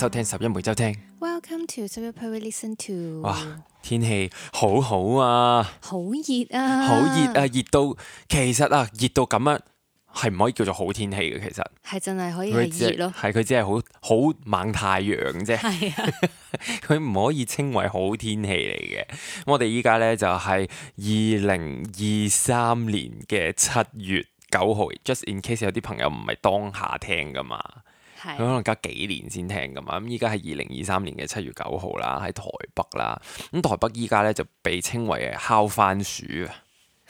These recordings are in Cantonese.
收聽十一每周聽。Welcome to 十一 r listen to。哇，天氣好好啊！好熱啊！好熱啊！熱到其實啊，熱到咁樣係唔可以叫做好天氣嘅。其實係真係可以係熱咯，係佢只係好好猛太陽啫。係啊佢唔可以稱為好天氣嚟嘅。我哋依家咧就係二零二三年嘅七月九號。Just in case 有啲朋友唔係當下聽噶嘛。佢可能隔幾年先聽噶嘛，咁依家係二零二三年嘅七月九號啦，喺台北啦，咁台北依家咧就被稱為烤番薯啊，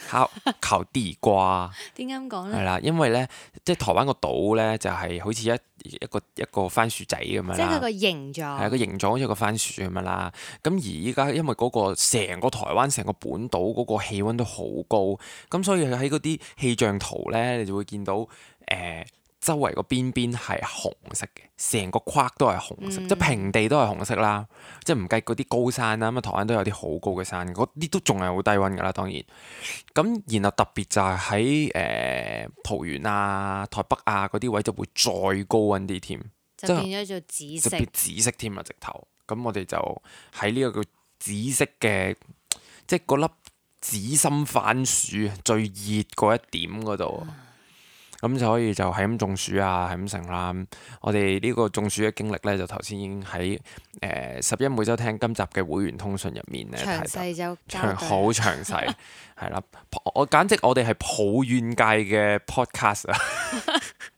烤 烤地瓜。點解咁講咧？係啦，因為咧，即係台灣個島咧，就係、是、好似一一個一個番薯仔咁樣啦。即係個形狀。係個形狀好似個番薯咁樣啦。咁而依家因為嗰、那個成個台灣成個本島嗰個氣温都好高，咁所以喺嗰啲氣象圖咧，你就會見到誒。呃周圍個邊邊係紅色嘅，成個框都係紅色，即係、嗯、平地都係紅色啦，即係唔計嗰啲高山啦。咁啊，台灣都有啲好高嘅山，嗰啲都仲係好低溫㗎啦。當然，咁然後特別就係喺誒桃園啊、台北啊嗰啲位就會再高溫啲添，就變咗做紫色，紫色添啊直頭。咁我哋就喺呢一個叫紫色嘅，即係嗰粒紫心番薯最熱嗰一點嗰度。嗯咁就可以就係咁中暑啊，係咁成啦。我哋呢個中暑嘅經歷呢，就頭先已經喺誒、呃、十一每週聽今集嘅會員通訊入面呢，詳細好詳，詳細，係 啦。我簡直我哋係抱怨界嘅 podcast 啊！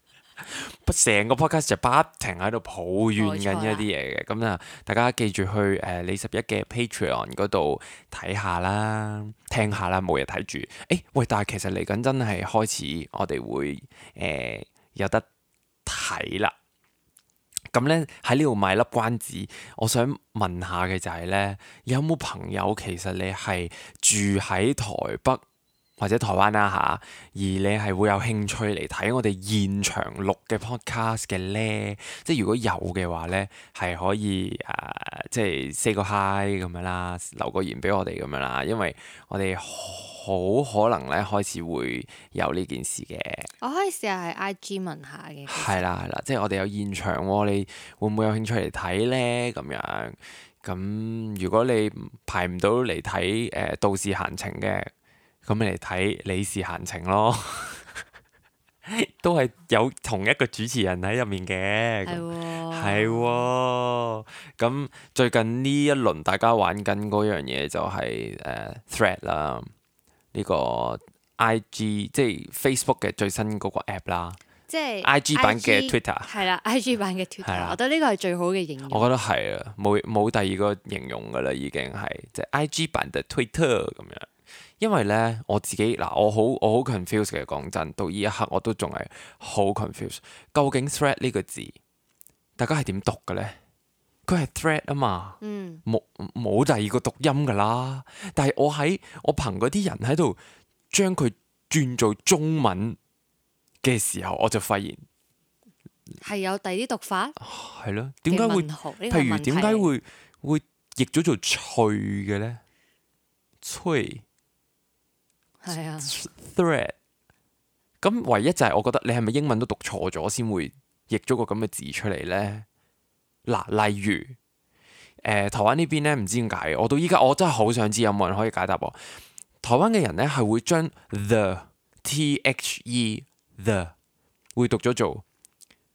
不成個 Podcast 就不停喺度抱怨緊一啲嘢嘅，咁啊大家記住去誒、呃、李十一嘅 Patreon 度睇下啦，聽下啦，冇嘢睇住。誒、欸、喂，但係其實嚟緊真係開始我，我哋會誒有得睇啦。咁咧喺呢度賣粒關子，我想問下嘅就係、是、咧，有冇朋友其實你係住喺台北？或者台灣啦、啊、嚇，而你係會有興趣嚟睇我哋現場錄嘅 podcast 嘅呢？即係如果有嘅話呢，係可以誒、呃，即係 Say 個 hi 咁樣啦，留個言俾我哋咁樣啦，因為我哋好可能咧開始會有呢件事嘅。我可以試下喺 IG 問下嘅。係啦，係啦，即係我哋有現場喎、啊，你會唔會有興趣嚟睇呢？咁樣咁，如果你排唔、呃、到嚟睇誒到時行程嘅。咁你嚟睇李氏閒情咯， 都係有同一個主持人喺入面嘅對、哦哦，係喎，咁最近呢一輪大家玩緊嗰樣嘢就係誒 Threads 啦，呢個 I G 即係 Facebook 嘅最新嗰個 app 啦，即係 I G 版嘅 Twitter，係啦，I G 版嘅 Twitter，我覺得呢個係最好嘅形容，我覺得係啊，冇冇第二個形容噶啦，已經係即係、就是、I G 版嘅 Twitter 咁樣。因為咧，我自己嗱，我好我好 confuse 嘅，講真，到呢一刻我都仲係好 confuse 究竟 thread 呢個字，大家係點讀嘅咧？佢係 thread 啊嘛？嗯，冇冇第二個讀音噶啦。但係我喺我憑嗰啲人喺度將佢轉做中文嘅時候，我就發現係有第二啲讀法，係咯、啊。點解會？譬如點解會會譯咗做脆嘅咧？脆。係啊，thread。咁 Th 唯一就係我覺得你係咪英文都讀錯咗先會譯咗個咁嘅字出嚟呢？嗱，例如，誒、呃，台灣呢邊呢，唔知點解我到依家我真係好想知有冇人可以解答我。台灣嘅人呢係會將 the, the t h e the 會讀咗做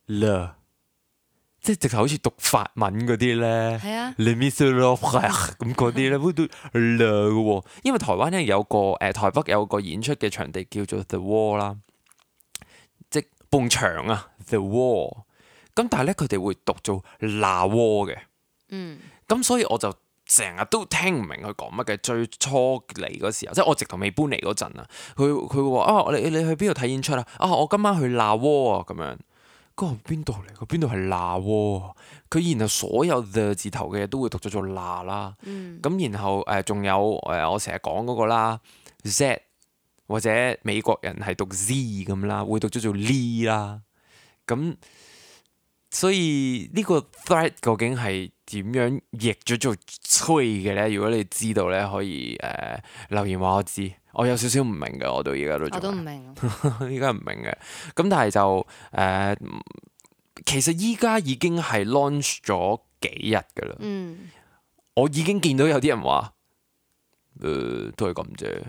the。即係直頭好似讀法文嗰啲咧，Les Misérables，啊咁嗰啲咧，會讀兩嘅喎。因為台灣咧有個誒、呃、台北有個演出嘅場地叫做 The Wall 啦，即半牆啊 The Wall。咁但係咧佢哋會讀做那窩嘅。嗯。咁所以我就成日都聽唔明佢講乜嘅。最初嚟嗰時候，即係我直頭未搬嚟嗰陣啊，佢佢話啊，你你去邊度睇演出啊？啊，我今晚去那窩啊咁樣。嗰個邊度嚟？佢邊度係嗱喎？佢、啊、然後所有 t 字頭嘅嘢都會讀咗做嗱啦。咁然後誒仲有誒我成日講嗰個啦，z 或者美國人係讀 z 咁啦，會讀咗做 l 啦。咁、啊、所以呢個 Threads 究竟係點樣譯咗做吹嘅咧？如果你知道咧，可以誒、呃、留言話我知。我有少少唔明嘅，我到而家都，我都唔明， 明，依家唔明嘅。咁但係就誒，其實依家已經係 launch 咗幾日㗎喇。嗯、我已經見到有啲人話，誒、呃、都係咁啫。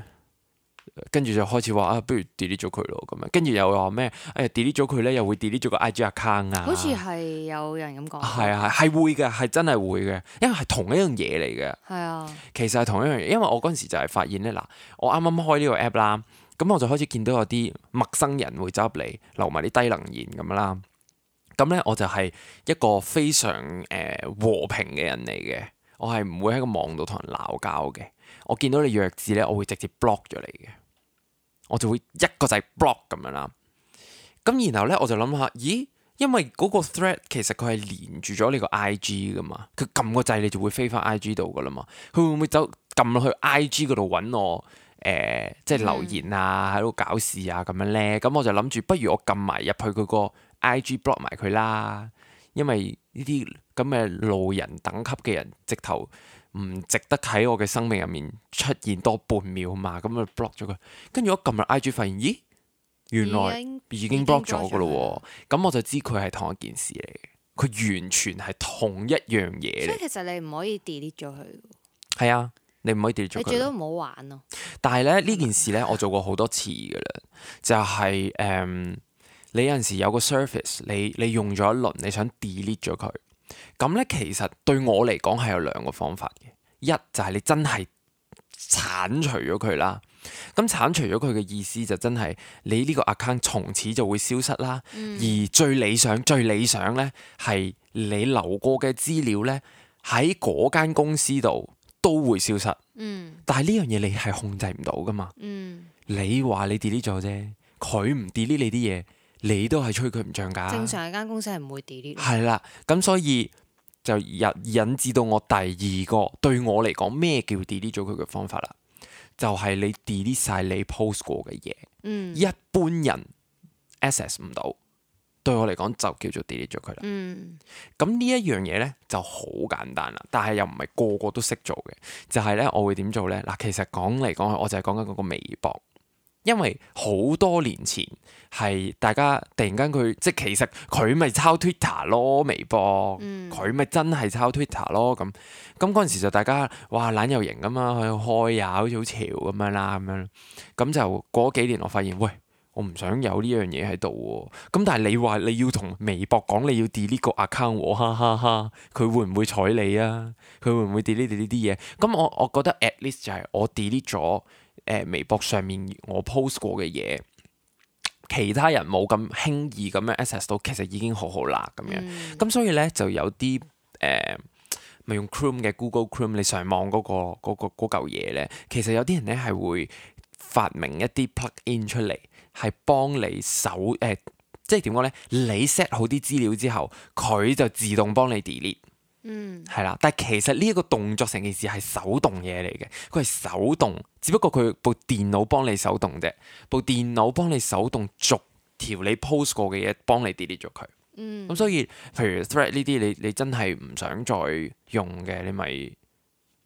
跟住就開始話啊，不如 delete 咗佢咯咁樣。跟住又話咩？誒，delete 咗佢咧，又會 delete 咗個 IG account 啊？好似係有人咁講。係啊係係會嘅，係真係會嘅，因為係同一樣嘢嚟嘅。係啊，其實係同一樣嘢，因為我嗰陣時就係發現咧，嗱，我啱啱開呢個 app 啦，咁我就開始見到有啲陌生人會走入嚟留埋啲低能言咁啦。咁咧，我就係一個非常誒、呃、和平嘅人嚟嘅，我係唔會喺個網度同人鬧交嘅。我見到你弱智咧，我會直接 block 咗你嘅。我就會一個掣 block 咁樣啦，咁然後呢，我就諗下，咦，因為嗰個 thread 其實佢係連住咗你個 IG 噶嘛，佢撳個掣你就會飛翻 IG 度噶啦嘛，佢會唔會走撳落去 IG 度揾我？呃、即係留言啊，喺度、嗯、搞事啊咁樣呢。咁我就諗住，不如我撳埋入去佢個 IG block 埋佢啦，因為呢啲咁嘅路人等級嘅人直頭，唔值得喺我嘅生命入面出現多半秒嘛，咁咪 block 咗佢。跟住我撳入 I G 發現，咦，原來已經 block 咗噶咯，咁我就知佢係同一件事嚟，嘅，佢完全係同一樣嘢。所以其實你唔可以 delete 咗佢。係啊，你唔可以 delete 咗佢。你最多唔好玩咯，啊。但係咧呢件事咧，我做過好多次噶啦， 就係、是、誒、um,，你有陣時有個 surface，你你用咗一輪，你想 delete 咗佢。咁咧，其實對我嚟講係有兩個方法嘅，一就係你真係剷除咗佢啦。咁剷除咗佢嘅意思就真係你呢個 account 從此就會消失啦。嗯、而最理想、最理想咧，係你留過嘅資料咧，喺嗰間公司度都會消失。嗯。但係呢樣嘢你係控制唔到㗎嘛？嗯。你話你 delete 咗啫，佢唔 delete 你啲嘢，你都係吹佢唔漲價。正常間公司係唔會 delete。係啦，咁所以。就引引致到我第二個對我嚟講咩叫 delete 咗佢嘅方法啦，就係、是、你 delete 晒你 post 過嘅嘢，嗯、一般人 access 唔到，對我嚟講就叫做 delete 咗佢啦。咁、嗯、呢一樣嘢咧就好簡單啦，但係又唔係個個都識做嘅，就係、是、咧我會點做咧嗱？其實講嚟講去，我就係講緊嗰個微博。因為好多年前係大家突然間佢即係其實佢咪抄 Twitter 咯，微博佢咪、嗯、真係抄 Twitter 咯咁。咁嗰陣時就大家哇懶又型咁啊去開啊，好似好潮咁樣啦咁樣。咁就過幾年，我發現喂我唔想有呢樣嘢喺度喎。咁但係你話你要同微博講你要 delete 個 account，哈、啊、哈哈！佢會唔會睬你啊？佢會唔會 delete 呢啲嘢？咁我我覺得 at least 就係我 delete 咗。誒、呃、微博上面我 post 過嘅嘢，其他人冇咁輕易咁樣 access 到，其實已經好好啦咁樣。咁、嗯、所以咧就有啲誒咪用 Chrome 嘅 Google Chrome 你上網嗰個、嗰個、嗰嚿嘢咧，其實有啲人咧係會發明一啲 plug in 出嚟，係幫你搜誒、呃，即係點講咧？你 set 好啲資料之後，佢就自動幫你 delete。嗯，係啦，但係其實呢一個動作成件事係手動嘢嚟嘅，佢係手動，只不過佢部電腦幫你手動啫，部電腦幫你手動逐條你 post 過嘅嘢幫你 delete 咗佢。咁、嗯、所以譬如 thread 呢啲，你你真係唔想再用嘅，你咪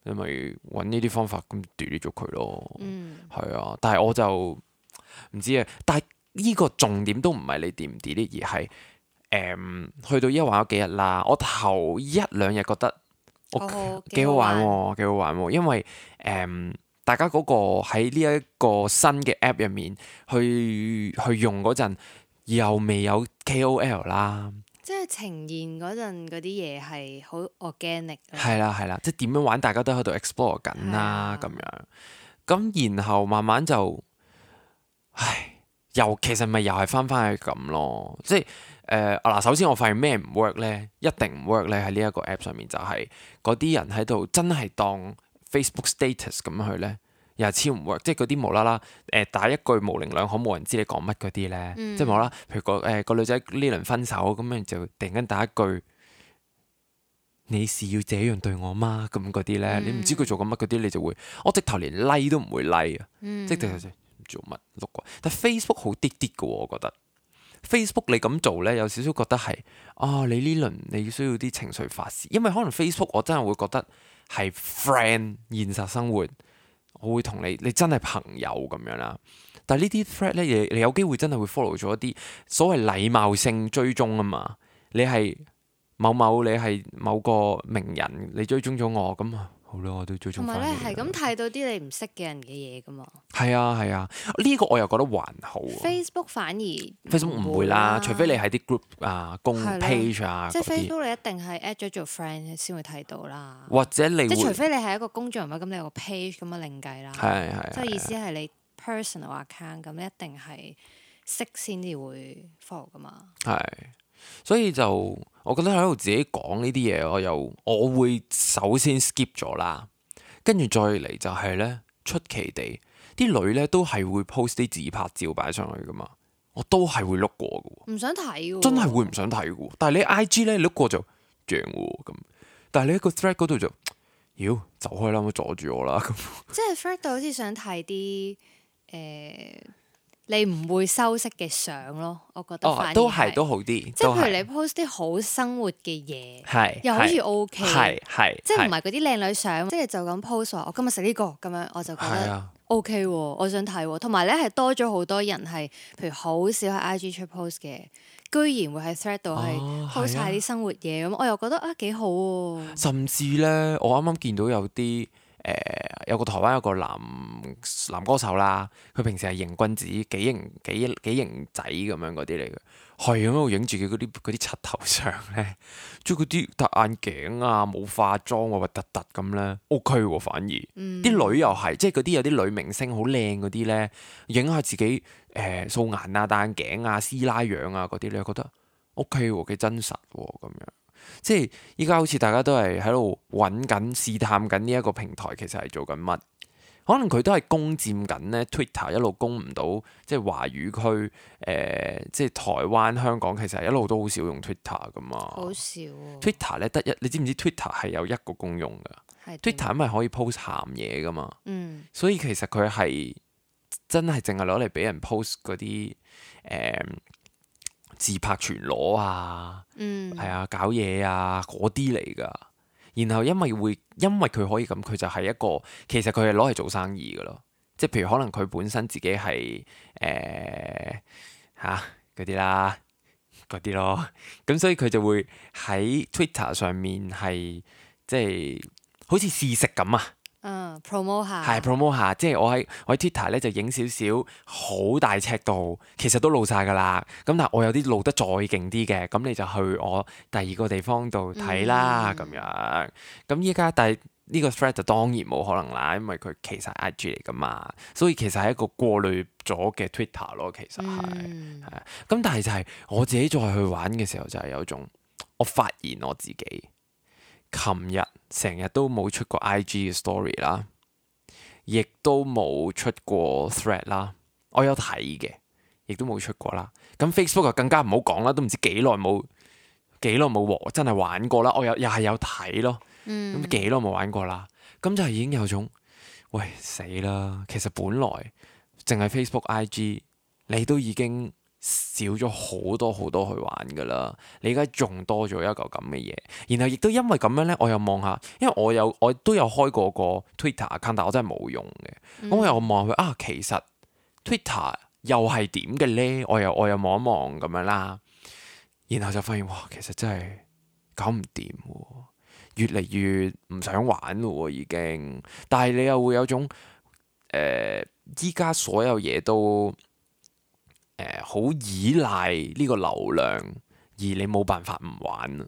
你咪揾呢啲方法咁 delete 咗佢咯。嗯，係啊，但係我就唔知啊，但係呢個重點都唔係你 delete 唔 delete，而係。誒，um, 去到依家玩咗幾日啦，我頭一兩日覺得我幾、oh, 好玩喎，幾好玩喎，因為誒，um, 大家嗰個喺呢一個新嘅 app 入面去去用嗰陣，又未有 KOL 啦，即係呈現嗰陣嗰啲嘢係好 organic 咧，係啦係啦，即係點樣玩，大家都喺度 explore 緊啦、啊，咁、啊、樣，咁然後慢慢就，唉。又其實咪又係翻翻去咁咯，即係誒嗱，首先我發現咩唔 work 咧，一定唔 work 咧喺呢一個 app 上面、就是，就係嗰啲人喺度真係當 Facebook status 咁去咧，又係超唔 work，即係嗰啲無啦啦誒打一句模棱兩可冇人知你講乜嗰啲咧，嗯、即係無啦，譬如個誒個女仔呢輪分手咁，就突然間打一句你是要這樣對我嗎咁嗰啲咧，嗯、你唔知佢做過乜嗰啲你就會，我直頭連 like 都唔會 like 啊、嗯，即係。做乜六個？但 Facebook 好啲啲嘅、哦，我覺得 Facebook 你咁做呢，有少少覺得係啊、哦，你呢輪你需要啲情緒發泄，因為可能 Facebook 我真係會覺得係 friend 現實生活，我會同你，你真係朋友咁樣啦。但呢啲 Threads 呢，你有機會真係會 follow 咗一啲所謂禮貌性追蹤啊嘛。你係某某，你係某個名人，你追蹤咗我咁啊。好啦，我都最中。同埋咧，係咁睇到啲你唔識嘅人嘅嘢噶嘛？係啊，係啊，呢個我又覺得還好。Facebook 反而 Facebook 唔會啦，除非你喺啲 group 啊、公的 page 啊，即係 Facebook 你一定係 add 咗做 friend 先會睇到啦。或者你即係除非你係一個工作人物咁，你有個 page 咁啊另計啦。係係，即係意思係你 personal account 咁，你一定係識先至會 follow 噶嘛。係。所以就我覺得喺度自己講呢啲嘢，我又我會首先 skip 咗啦，跟住再嚟就係呢，出奇地啲女呢都係會 post 啲自拍照擺上去噶嘛，我都係會碌過噶，唔想睇噶，真係會唔想睇噶。但係你 I G 呢，碌過就正喎咁，但係你喺個 thread 嗰度就妖，走開啦，唔阻住我啦咁，即係是 thread 都好似想睇啲誒。呃你唔會修飾嘅相咯，我覺得、哦。都係都好啲，即係譬如你 post 啲好生活嘅嘢，是又好似 O K，係係即係唔係嗰啲靚女相，即係就咁 post 話我今日食呢個咁樣，我就覺得 O K 喎，我想睇喎。同埋咧係多咗好多人係，譬如好少喺 IG 出 post 嘅，居然會喺 thread 度係 post 晒啲生活嘢咁，哦啊、我又覺得啊幾好喎、啊。甚至咧，我啱啱見到有啲。誒、呃、有個台灣有個男男歌手啦，佢平時係型君子，幾型幾幾型仔咁樣嗰啲嚟嘅，係咁喺度影住佢嗰啲啲七頭相咧，即係嗰啲戴眼鏡啊、冇化妝啊，核突突咁咧，O K 反而，啲、嗯、女又係即係嗰啲有啲女明星好靚嗰啲咧，影下自己誒、呃、素顏啊、戴眼鏡啊、師奶樣啊嗰啲你覺得 O K 喎幾真實喎、啊、咁樣。即係依家好似大家都係喺度揾緊、試探緊呢一個平台，其實係做緊乜？可能佢都係攻佔緊呢 Twitter 一路攻唔到，即係華語區，誒、呃，即係台灣、香港，其實一路都好少用 Twitter 噶嘛。Twitter 咧得一，你知唔知 Twitter 係有一個功用噶？Twitter 咪可以 post 鹹嘢噶嘛？嗯。所以其實佢係真係淨係攞嚟俾人 post 嗰啲誒。呃自拍全裸啊，嗯，係啊，搞嘢啊，嗰啲嚟噶。然後因為會，因為佢可以咁，佢就係一個，其實佢係攞嚟做生意嘅咯。即係譬如可能佢本身自己係誒吓嗰啲啦，嗰啲咯。咁 所以佢就會喺 Twitter 上面係即係好似試食咁啊。嗯、uh，promote 下係 promote 下，即係我喺我喺 Twitter 咧就影少少好大尺度，其實都露晒㗎啦。咁但係我有啲露得再勁啲嘅，咁你就去我第二個地方度睇啦咁樣。咁依家但係呢個 thread 就當然冇可能啦，因為佢其實係 IG 嚟㗎嘛，所以其實係一個過濾咗嘅 Twitter 咯。其實係。係。咁 但係就係我自己再去玩嘅時候，就係、是、有一種我發現我自己。琴日成日都冇出過 I G 嘅 story 啦，亦都冇出過 thread 啦。我有睇嘅，亦都冇出過啦。咁 Facebook 就更加唔好講啦，都唔知幾耐冇幾耐冇喎，真係玩過啦。我又又係有睇咯，咁幾耐冇玩過啦。咁就係已經有種，喂，死啦！其實本來淨係 Facebook I G，你都已經。少咗好多好多去玩噶啦，你而家仲多咗一個咁嘅嘢，然後亦都因為咁樣呢，我又望下，因為我有我都有開過個 Twitter account，但我真係冇用嘅，咁、嗯、我又望佢啊，其實 Twitter 又係點嘅呢？我又我又望一望咁樣啦，然後就發現哇，其實真係搞唔掂，越嚟越唔想玩咯、啊，已經，但係你又會有種誒，依、呃、家所有嘢都。誒，好依賴呢個流量，而你冇辦法唔玩啊！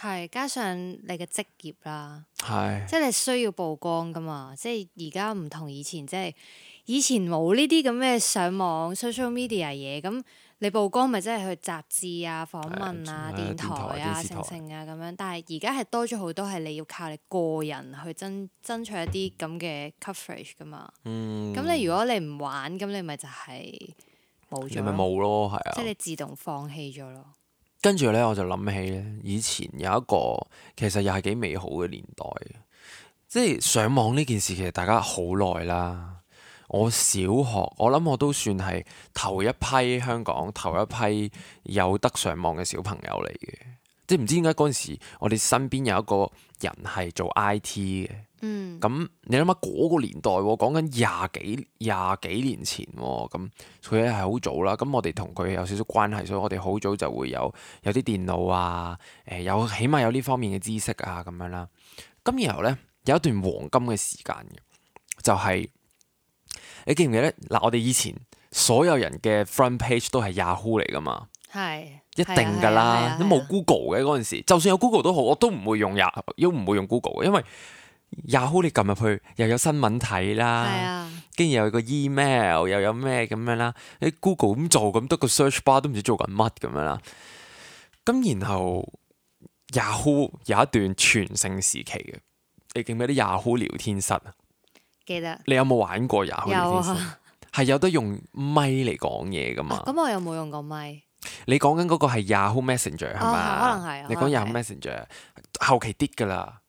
係加上你嘅職業啦，係唉，即係你需要曝光噶嘛，即係而家唔同以前，即係以前冇呢啲咁嘅上網 social media 嘢，咁你曝光咪即係去雜誌啊、訪問啊、啊電台啊、成成啊咁樣，但係而家係多咗好多係你要靠你個人去爭爭取一啲咁嘅 coverage 噶嘛，咁、嗯、你如果你唔玩，咁你咪就係、是。冇你咪冇咯，係啊，即係你自動放棄咗咯。跟住呢，我就諗起咧，以前有一個其實又係幾美好嘅年代，即係上網呢件事其實大家好耐啦。我小學，我諗我都算係頭一批香港頭一批有得上網嘅小朋友嚟嘅，即係唔知點解嗰陣時我哋身邊有一個人係做 IT 嘅。嗯，咁你諗下嗰個年代，講緊廿幾廿幾年前，咁佢係好早啦。咁我哋同佢有少少關係，所以我哋好早就會有有啲電腦啊，誒，有起碼有呢方面嘅知識啊，咁樣啦。咁然後呢，有一段黃金嘅時間嘅，就係你記唔記得？嗱，我哋以前所有人嘅 front page 都係 Yahoo 嚟噶嘛，係一定噶啦，你冇 Google 嘅嗰陣時，就算有 Google 都好，我都唔會用 Yahoo，唔會用 Google 嘅，因為。Yahoo 你撳入去又有新聞睇啦，跟住係、啊、又有個 email 又有咩咁樣啦，你 Google 咁做咁多個 search bar 都唔知做緊乜咁樣啦。咁然後 Yahoo 有一段全盛時期嘅，你記唔記得 Yahoo 聊天室啊？記得。你有冇玩過 Yahoo 聊天室？係有得用咪嚟講嘢噶嘛、啊？咁、嗯、我有冇用過咪？你講緊嗰個係 Yahoo Messenger 係嘛、哦？吧可能係。你講 Yahoo okay，Messenger 後期啲噶啦。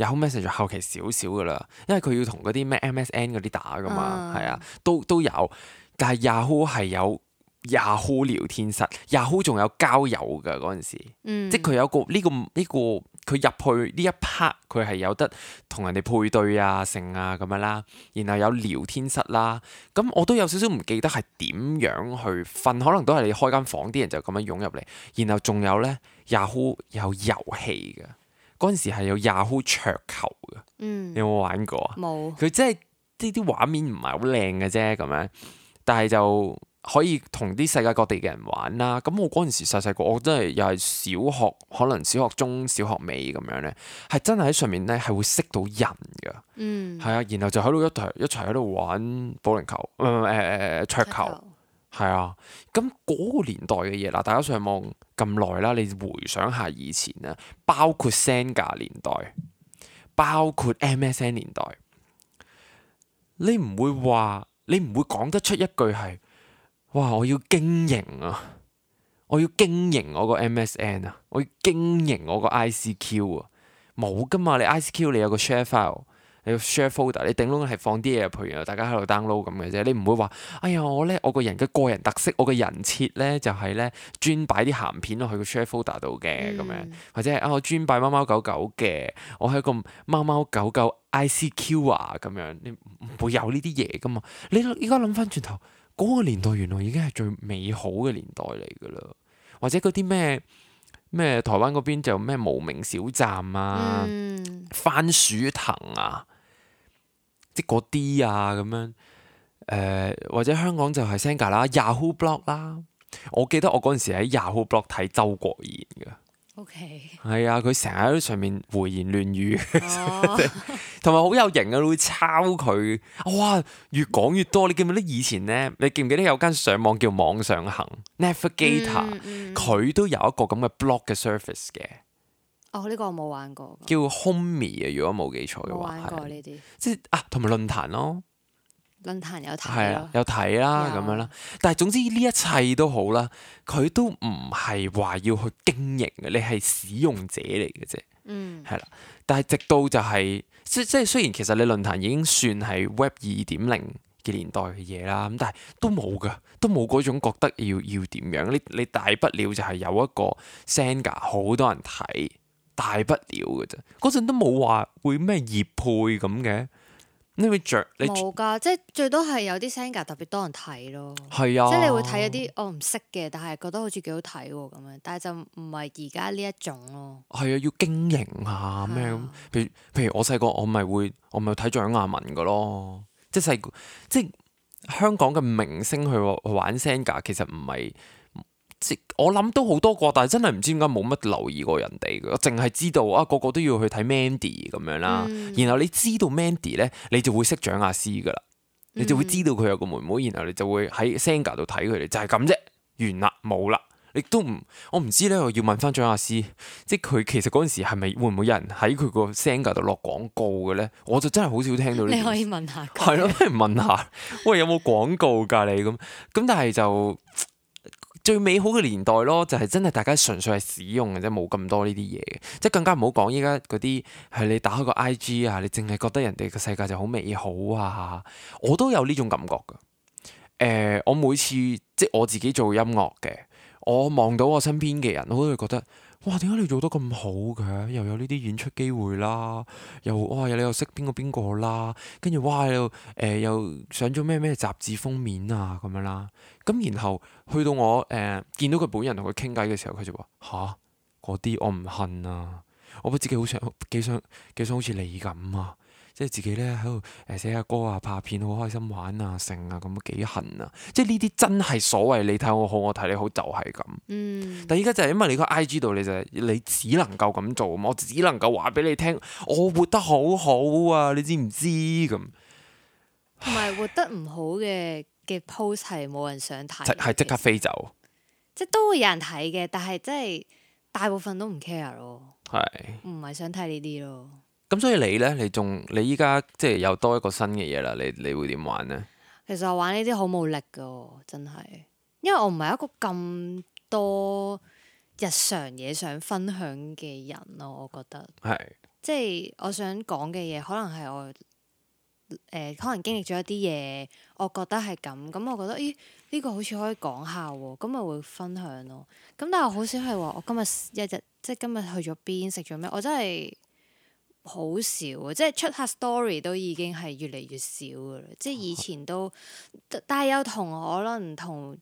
Yahoo Messenger 後期少少噶啦，因為佢要同嗰啲咩 MSN 嗰啲打噶嘛，係啊，都都有，但係 Yahoo 係有 Yahoo 聊天室 ，Yahoo 仲有交友噶嗰陣時，嗯、即係佢有個呢、呢個呢、呢個佢入去呢一 part 佢係有得同人哋配對啊、成啊咁樣啦，然後有聊天室啦，咁我都有少少唔記得係點樣去瞓，可能都係你開間房啲人就咁樣湧入嚟，然後仲有咧 Yahoo 有遊戲噶。嗰陣時係有 Yahoo 桌球嘅，嗯、你有冇玩過啊？冇冇、即係。佢真係呢啲畫面唔係好靚嘅啫，咁樣，但係就可以同啲世界各地嘅人玩啦。咁我嗰陣時細細個，我真係又係小學，可能小學中、小學尾咁樣咧，係真係喺上面咧係會識到人嘅，係、嗯、啊，然後就喺度一齊一齊喺度玩保齡球，誒、呃、誒桌球。係啊，咁嗰個年代嘅嘢啦，大家上網咁耐啦，你回想下以前啊，包括 Senga 年代，包括 MSN 年代，你唔會話，你唔會講得出一句係，哇，我要經營啊，我要經營我個 MSN 啊，我要經營我個 ICQ 啊，冇噶嘛，你 ICQ 你有個 Share File。你個 share folder，你頂籠係放啲嘢譬如大家喺度 download 咁嘅啫，你唔會話，哎呀我咧我個人嘅個人特色，我嘅人設咧就係、是、咧專擺啲鹹片落去個 share folder 度嘅咁樣，嗯、或者係啊我專擺貓貓狗狗嘅，我係一個貓貓狗狗 ICQ 啊、er, 咁樣，你唔會有呢啲嘢噶嘛？你依家諗翻轉頭，嗰、那個年代原來已經係最美好嘅年代嚟噶啦，或者嗰啲咩？咩台灣嗰邊就咩無名小站啊、嗯、番薯藤啊，即嗰啲啊咁樣。誒、呃、或者香港就係 Xanga 啦、Yahoo Blog 啦，我記得我嗰陣時喺 Yahoo Blog 睇周國賢㗎。OK，係啊，佢成日喺上面胡言亂語，同埋好有型啊！會抄佢，哇，越講越多。 你記唔記得以前咧？你記唔記得有間上網叫網上行 Netvigator，佢、嗯嗯、都有一個咁嘅 blog 嘅 service 嘅。哦，呢個我冇玩過。叫 Homie 啊，如果冇記錯嘅話係。呢啲。即係啊，同埋論壇咯。論壇有睇的啦，有睇啦咁樣啦。但係總之呢一切都好啦，佢都唔係話要去經營嘅，你係使用者嚟嘅啫。嗯，係啦。但係直到就係即即係雖然其實你論壇已經算係 Web 二點零嘅年代嘅嘢啦，咁但係都冇嘅，都冇嗰種覺得要要點樣。你你大不了就係有一個 s e n g a 好多人睇，大不了嘅啫。嗰陣都冇話會咩業配咁嘅。.你會著？冇噶，即係最多係有啲 Xanga 特別多人睇咯。係是啊，即係你會睇一啲我唔識嘅，但係覺得好似幾好睇喎咁樣。但係就唔係而家呢一種咯。係啊，要經營下咩咁？是啊、譬如譬如我細個，我咪會我咪睇蔣雅文噶咯。即係細個即係香港嘅明星去玩 Xanga，其實唔係。我諗都好多個，但係真係唔知點解冇乜留意過人哋嘅，淨係知道啊個個都要去睇 Mandy 咁、嗯、樣啦。然後你知道 Mandy 咧，你就會識蔣雅詩噶啦，嗯、你就會知道佢有個妹妹，然後你就會喺 Singer 度睇佢哋，就係咁啫，完啦，冇啦。你都唔，我唔知咧，我要問翻蔣雅詩，即佢其實嗰陣時係咪會唔會有人喺佢個 Singer 度落廣告嘅咧？我就真係好少聽到。呢你可以問下，係咯，不如問下，喂，有冇廣告噶你咁？咁但係就。最美好嘅年代咯，就係真係大家純粹係使用嘅啫，冇咁多呢啲嘢，即係更加唔好講依家嗰啲係，你打開個 I G 啊，你淨係覺得人哋個世界就好美好啊！我都有呢種感覺嘅，呃，我每次即係我自己做音樂嘅，我望到我身邊嘅人，我都會覺得。哇！點解你做得咁好嘅？又有呢啲演出機會啦，又哇！你又識邊個邊個啦？跟住哇！又誒又上咗咩咩雜誌封面啊咁樣啦。咁然後去到我誒、呃、見到佢本人同佢傾偈嘅時候，佢就話：吓，嗰啲我唔恨啊！我覺得自己好想幾想幾想好似你咁啊！即係自己咧喺度誒寫下歌啊，拍片好開心玩啊成啊咁幾恨啊！即係呢啲真係所謂你睇我好，我睇你好就係、是、咁。嗯。但係依家就係因為你個 IG 度你就係、你只能夠咁做，嘛，我只能夠話俾你聽我活得好好啊！你知唔知咁？同埋活得唔好嘅嘅 post 係冇人想睇，係即刻飛走。即係都會有人睇嘅，但係即係大部分都唔 care 是咯。係。唔係想睇呢啲咯。咁所以你呢？你仲你依家即係又多一個新嘅嘢啦，你你會點玩呢？其實我玩呢啲好冇力噶，真係，因為我唔係一個咁多日常嘢想分享嘅人咯，我覺得係，是即係我想講嘅嘢，可能係我誒、呃，可能經歷咗一啲嘢，我覺得係咁，咁我覺得咦呢個好似可以講下喎，咁咪會分享咯。咁但係好少係話我今日一日即係今日去咗邊食咗咩，我真係。好少啊！即係出下 story 都已經係越嚟越少噶啦，即係以前都，oh. 但係又同可能同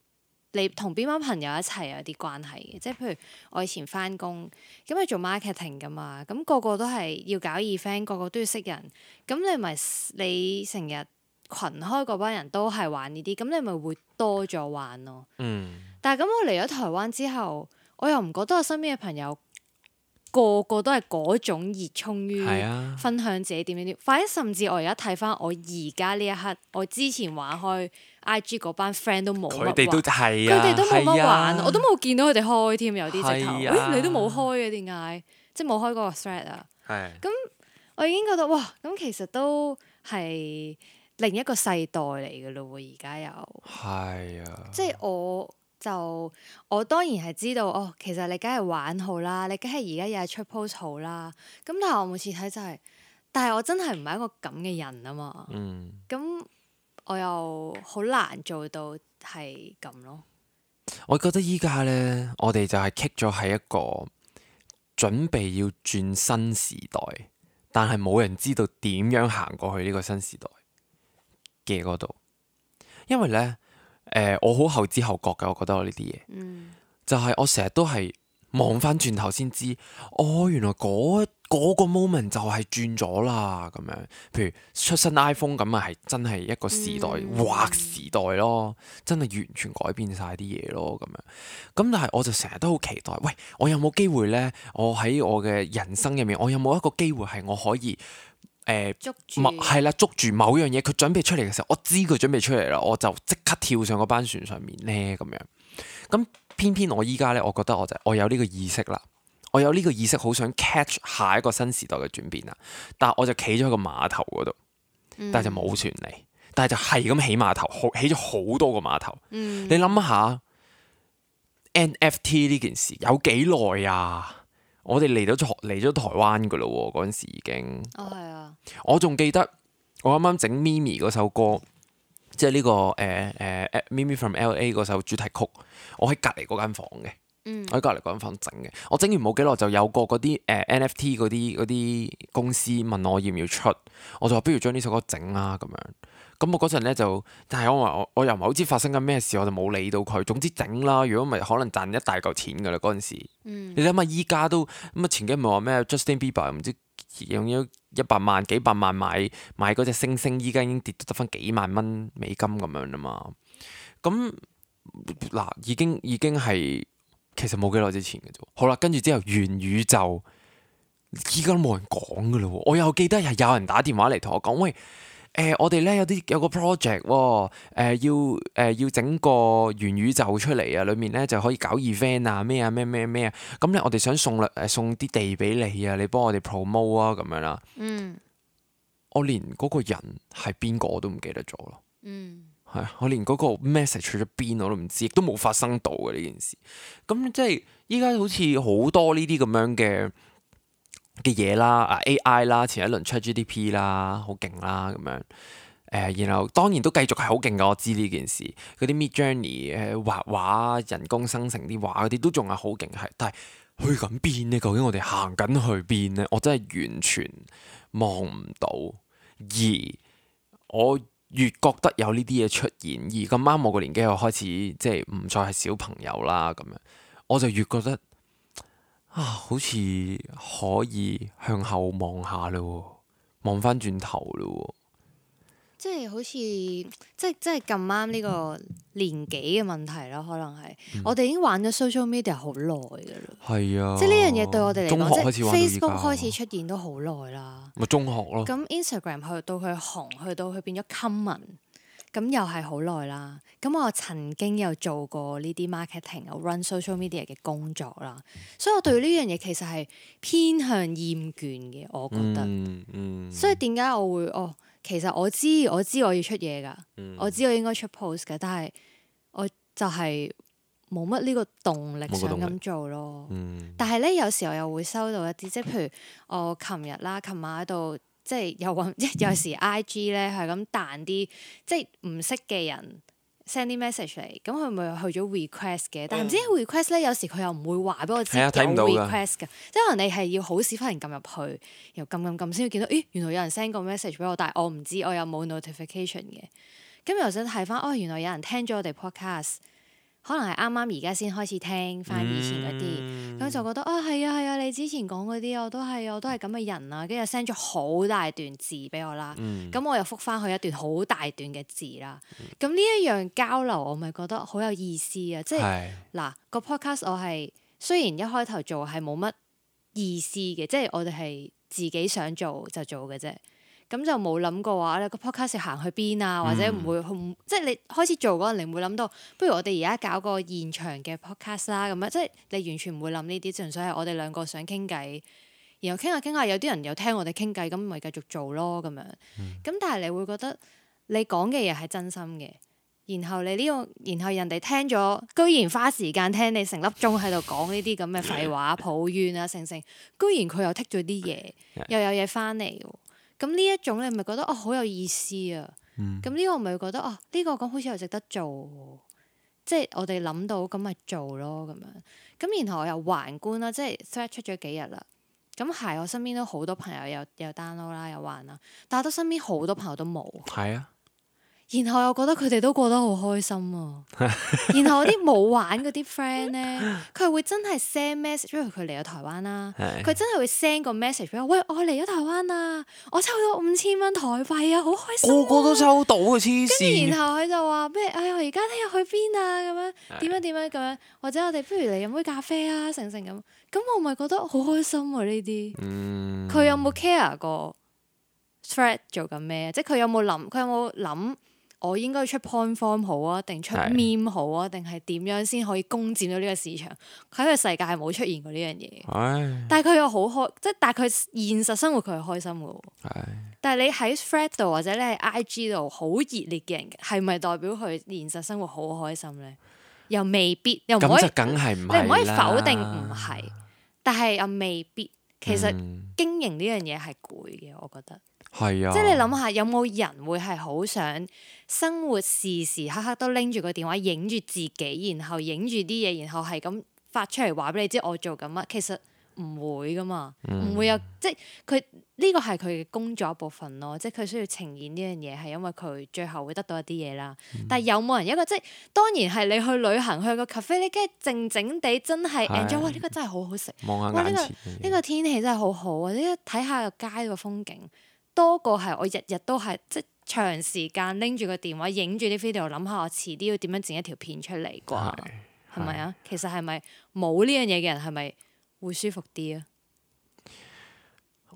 你同邊班朋友一齊有啲關係嘅，即係譬如我以前翻工咁係做 marketing 噶嘛，咁個個都係要搞二 friend，個個都要識人，咁你咪你成日群開嗰班人都係玩呢啲，咁你咪會多咗玩咯。嗯。但係咁我嚟咗台灣之後，我又唔覺得我身邊嘅朋友。個個都係嗰種熱衷於分享自己點點點，或者是、啊、甚至我而家睇翻我而家呢一刻，我之前玩開 IG 嗰班 friend 都冇乜玩，佢哋都冇乜玩，我都冇見到佢哋開添，有啲直頭是、啊哎，你都冇開嘅點解？即係冇開個 thread 啊？咁是、啊、我已經覺得哇，咁其實都係另一個世代嚟嘅咯，而家又係啊，即係我。就我當然係知道哦，其實你梗係玩好啦，你梗係而家又係出 post 好啦。咁但係我每次睇就係、是，但係我真係唔係一個咁嘅人啊嘛。嗯。咁我又好難做到係咁咯。我覺得依家呢，我哋就係 kick 咗喺一個準備要轉新時代，但係冇人知道點樣行過去呢個新時代嘅嗰度，因為呢。誒、呃，我好後知後覺嘅，我覺得我呢啲嘢，嗯、就係我成日都係望翻轉頭先知，嗯、哦，原來嗰、嗰個 moment、嗰個、就係轉咗啦咁樣。譬如出新 iPhone 咁啊，係真係一個時代，嗯、劃時代咯，真係完全改變晒啲嘢咯咁樣。咁但係我就成日都好期待，喂，我有冇機會呢？我喺我嘅人生入面，我有冇一個機會係我可以？誒，係、嗯、啦，捉住某樣嘢，佢準備出嚟嘅時候，我知佢準備出嚟啦，我就即刻跳上嗰班船上面咧，咁樣。咁偏偏我依家咧，我覺得我就是、我有呢個意識啦，我有呢個意識，好想 catch 下一個新時代嘅轉變啦。但係我就企咗喺個碼頭嗰度、嗯，但係就冇船嚟，但係就係咁起碼頭，好起咗好多個碼頭。嗯、你諗下 NFT 呢件事有幾耐啊？我哋嚟到台嚟咗台灣噶咯喎，嗰陣時已經。哦，係啊！我仲記得我啱啱整 Mimi 嗰首歌，即係呢個誒誒、uh, uh, Mimi from LA 嗰首主題曲，我喺隔離嗰間、嗯、離房嘅，我喺隔離嗰間房整嘅。我整完冇幾耐就有個嗰啲誒 NFT 嗰啲啲公司問我要唔要出，我就話不如將呢首歌整啦。咁樣。咁我嗰陣咧就，但係我話我我又唔係好知發生緊咩事，我就冇理到佢。總之整啦，如果咪可能賺一大嚿錢噶啦嗰陣時。嗯。你諗下依家都咁啊，前幾日咪話咩 Justin Bieber 唔知用咗一百萬幾百萬買買嗰隻星星，依家已經跌得翻幾萬蚊美金咁樣啦嘛。咁嗱，已經已經係其實冇幾耐之前嘅啫。好啦，跟住之後元宇宙依家都冇人講噶啦喎。我又記得係有人打電話嚟同我講喂。誒，我哋咧有啲有個 project 喎，誒要誒要整個元宇宙出嚟啊，裡面咧就可以搞 event 啊，咩啊咩咩咩啊，咁咧我哋想送兩誒送啲地俾你啊，你幫我哋 promote 啊，咁樣啦。嗯、um.。我連嗰個人係邊個我都唔記得咗咯。嗯。係，我連嗰個 message 去咗邊我都唔知，亦都冇發生到嘅呢件事。咁即係依家好似好多呢啲咁樣嘅嘅嘢啦，啊 AI 啦，前一輪出 GDP 啦，好勁啦咁樣。誒、呃，然後當然都繼續係好勁㗎，我知呢件事。嗰啲 Midjourney 誒、呃、畫畫人工生成啲畫嗰啲都仲係好勁，係。但係去緊邊呢？究竟我哋行緊去邊呢？我真係完全望唔到。而我越覺得有呢啲嘢出現，而咁啱我個年紀又開始即係唔再係小朋友啦，咁樣我就越覺得。啊！好似可以向後望下咯，望翻轉頭咯，即係好似即即係咁啱呢個年紀嘅問題咯，可能係、嗯、我哋已經玩咗 social media 好耐噶啦，係啊，即係呢樣嘢對我哋嚟講，即 Facebook 開始出現都好耐啦，咪中學咯，咁 Instagram 去到佢紅，去到佢變咗 common。咁又係好耐啦，咁我曾經有做過呢啲 marketing 啊，run social media 嘅工作啦，嗯、所以我對呢樣嘢其實係偏向厭倦嘅，我覺得。嗯嗯、所以點解我會？哦，其實我知我知我要出嘢噶，嗯、我知我應該出 post 噶，但係我就係冇乜呢個動力,個動力想咁做咯。嗯、但係咧，有時候我又會收到一啲，即係譬如我琴日啦、琴晚喺度。即係又揾，即係有時 I G 咧係咁彈啲，即係唔識嘅人 send 啲 message 嚟，咁佢咪去咗 request 嘅？但係唔知 request 咧，有時佢又唔會話俾我知有 request 噶，即係可能你係要好屎忽人撳入去，又撳撳撳先會見到。咦原來有人 send 個 message 俾我，但係我唔知我有有，我又冇 notification 嘅。咁又想睇翻，哦原來有人聽咗我哋 podcast。可能係啱啱而家先開始聽翻以前嗰啲，咁，嗯，就覺得啊，係啊係啊，你之前講嗰啲我都係，我都係咁嘅人啊。」跟住 send 咗好大段字俾我啦，咁，嗯，我又覆翻去一段好大段嘅字啦。咁呢一樣交流，我咪覺得好有意思啊！即係，嗱個是 podcast，我係雖然一開頭做係冇乜意思嘅，即係我哋係自己想做就做嘅啫。咁就冇諗過話你、個 podcast 行去邊啊？或者唔會，嗯、即係你開始做嗰陣，你唔會諗到，不如我哋而家搞個現場嘅 podcast 啦。咁樣即係你完全唔會諗呢啲，純粹係我哋兩個想傾偈，然後傾下傾下，有啲人又聽我哋傾偈，咁咪繼續做咯咁樣。咁、嗯、但係你會覺得你講嘅嘢係真心嘅，然後你呢、個，然後人哋聽咗，居然花時間聽你成粒鐘喺度講呢啲咁嘅廢話、 抱怨啊、剩剩，居然佢又剔咗啲嘢，又有嘢翻嚟。咁呢一種你咪覺得哦好有意思啊！咁呢、嗯、個咪覺得哦，呢、呢個講好似又值得做、啊，即係我哋諗到咁咪做咯咁樣。咁然後我又玩官啦，即係 Threads 出咗幾日啦。咁係我身邊都好多朋友有有 download 啦，有玩啦，但係都身邊好多朋友都冇。係啊。然後我又覺得佢哋都過得好開心啊。 然後啲冇玩嗰啲 friend 咧，佢會真係 send message，因為佢嚟咗台灣啦，佢 真係會 send 個 message 畀我：「喂，我嚟咗台灣啊，我抽到五千蚊台幣啊，好開心！個個都抽到、哎、啊，黐線！咁然後佢就話咩？哎呀，而家聽日去邊啊？咁樣點樣點樣咁樣？或者我哋不如嚟飲杯咖啡啊？成成咁，咁我咪覺得好開心啊！呢啲佢有冇 care 過 Threads 做緊咩？即佢有冇諗？佢有冇諗？我應該出 point form 好啊，定出 meme 好啊，定係點樣先可以攻佔到呢個市場？喺個世界係冇出現過呢樣嘢。但係佢又好開，即係但係佢現實生活佢係開心嘅。是的 但係你喺 Thread 度或者你喺 IG 度好熱烈嘅人，係咪代表佢現實生活好開心呢？又未必，又唔可以，咁就你唔可以否定唔係，啦 但係又未必。其實經營呢樣嘢係攰嘅，我覺得。係啊、即係你諗下，有冇人會係好想生活時時刻刻都拎住個電話影住自己，然後影住啲嘢，然後係咁發出嚟話俾你知我做緊乜？其實唔會噶嘛，唔、嗯、會有。即係佢呢個係佢嘅工作一部分咯，即係佢需要呈現呢樣嘢，係因為佢最後會得到一啲嘢啦。嗯、但係有冇人有一個即係？當然係你去旅行去個 cafe，你梗係靜靜地真係，哎呀，哇！呢、這個真係好好食。望下眼前呢、這個嗯、個天氣真係好好、啊，或者睇下個街個風景。多過係我日日都係即長時間拎住個電話影住啲 video，諗下我遲啲要點樣整一條片出嚟啩？係咪啊？吧是其實係咪冇呢樣嘢嘅人係咪會舒服啲啊？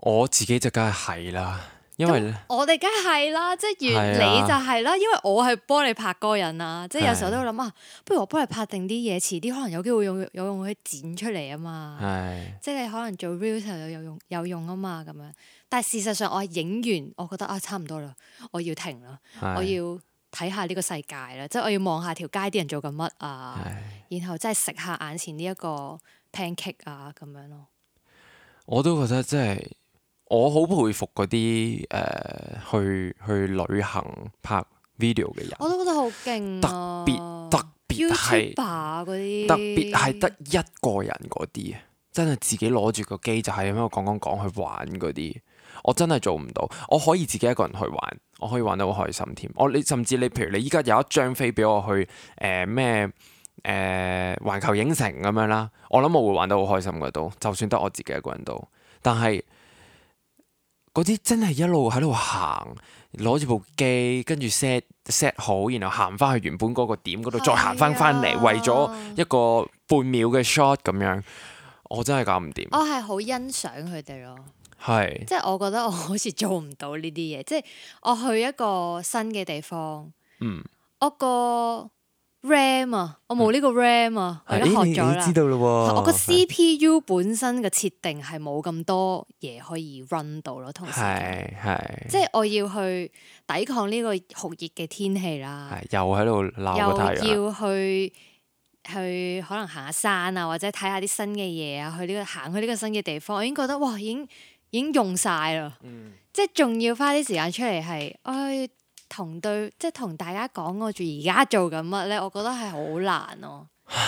我自己就梗係係啦。因為咧，我哋梗係啦，即係原理就係啦。啊、因為我係幫你拍個人啊，啊即係有時候都會諗啊，不如我幫你拍定啲嘢，遲啲可能有機會用，有用佢剪出嚟啊嘛。即係你可能做 real 有用，有用啊嘛，咁樣。但係事實上我係影完，我覺得啊差唔多啦，我要停啦，啊、我要睇下呢個世界啦，即係我要望下條街啲人做緊乜啊，啊然後真係食下眼前呢一個 pancake 啊咁樣咯。我都覺得即係。我好佩服嗰啲誒去去旅行拍 video 嘅人，我都覺得好勁啊！特別特別係特別係得一個人嗰啲，真係自己攞住個機就係咁樣講講講去玩嗰啲，我真係做唔到。我可以自己一個人去玩，我可以玩得好開心添。我你甚至你譬如你依家有一張飛俾我去誒咩誒環球影城咁樣啦，我諗我會玩得好開心嘅都，就算得我自己一個人都，但係。嗰啲真係一路喺度行，攞住部機跟住 set set 好，然後行翻去原本嗰個點嗰度，是啊、再行翻翻嚟，為咗一個半秒嘅 shot 咁樣，我真係搞唔掂。我係好欣賞佢哋咯，係是，即係我覺得我好似做唔到呢啲嘢，即係我去一個新嘅地方，嗯、我個。Ram 啊，我冇呢個 Ram 啊，嗯、我都學咗啦。係、欸，知道我個 CPU 本身嘅設定係冇咁多嘢可以 run 到咯，同時。係係。即係我要去抵抗呢個酷熱嘅天氣啦。又喺度鬧個太陽，又要去去可能行下山啊，或者睇下啲新嘅嘢啊，去呢、呢個行去呢個新嘅地方，我已經覺得哇，已經已經用晒咯。嗯、即係仲要花啲時間出嚟係，哎。同對即係同大家講我住而家做緊乜呢？我覺得係好難咯、啊，唉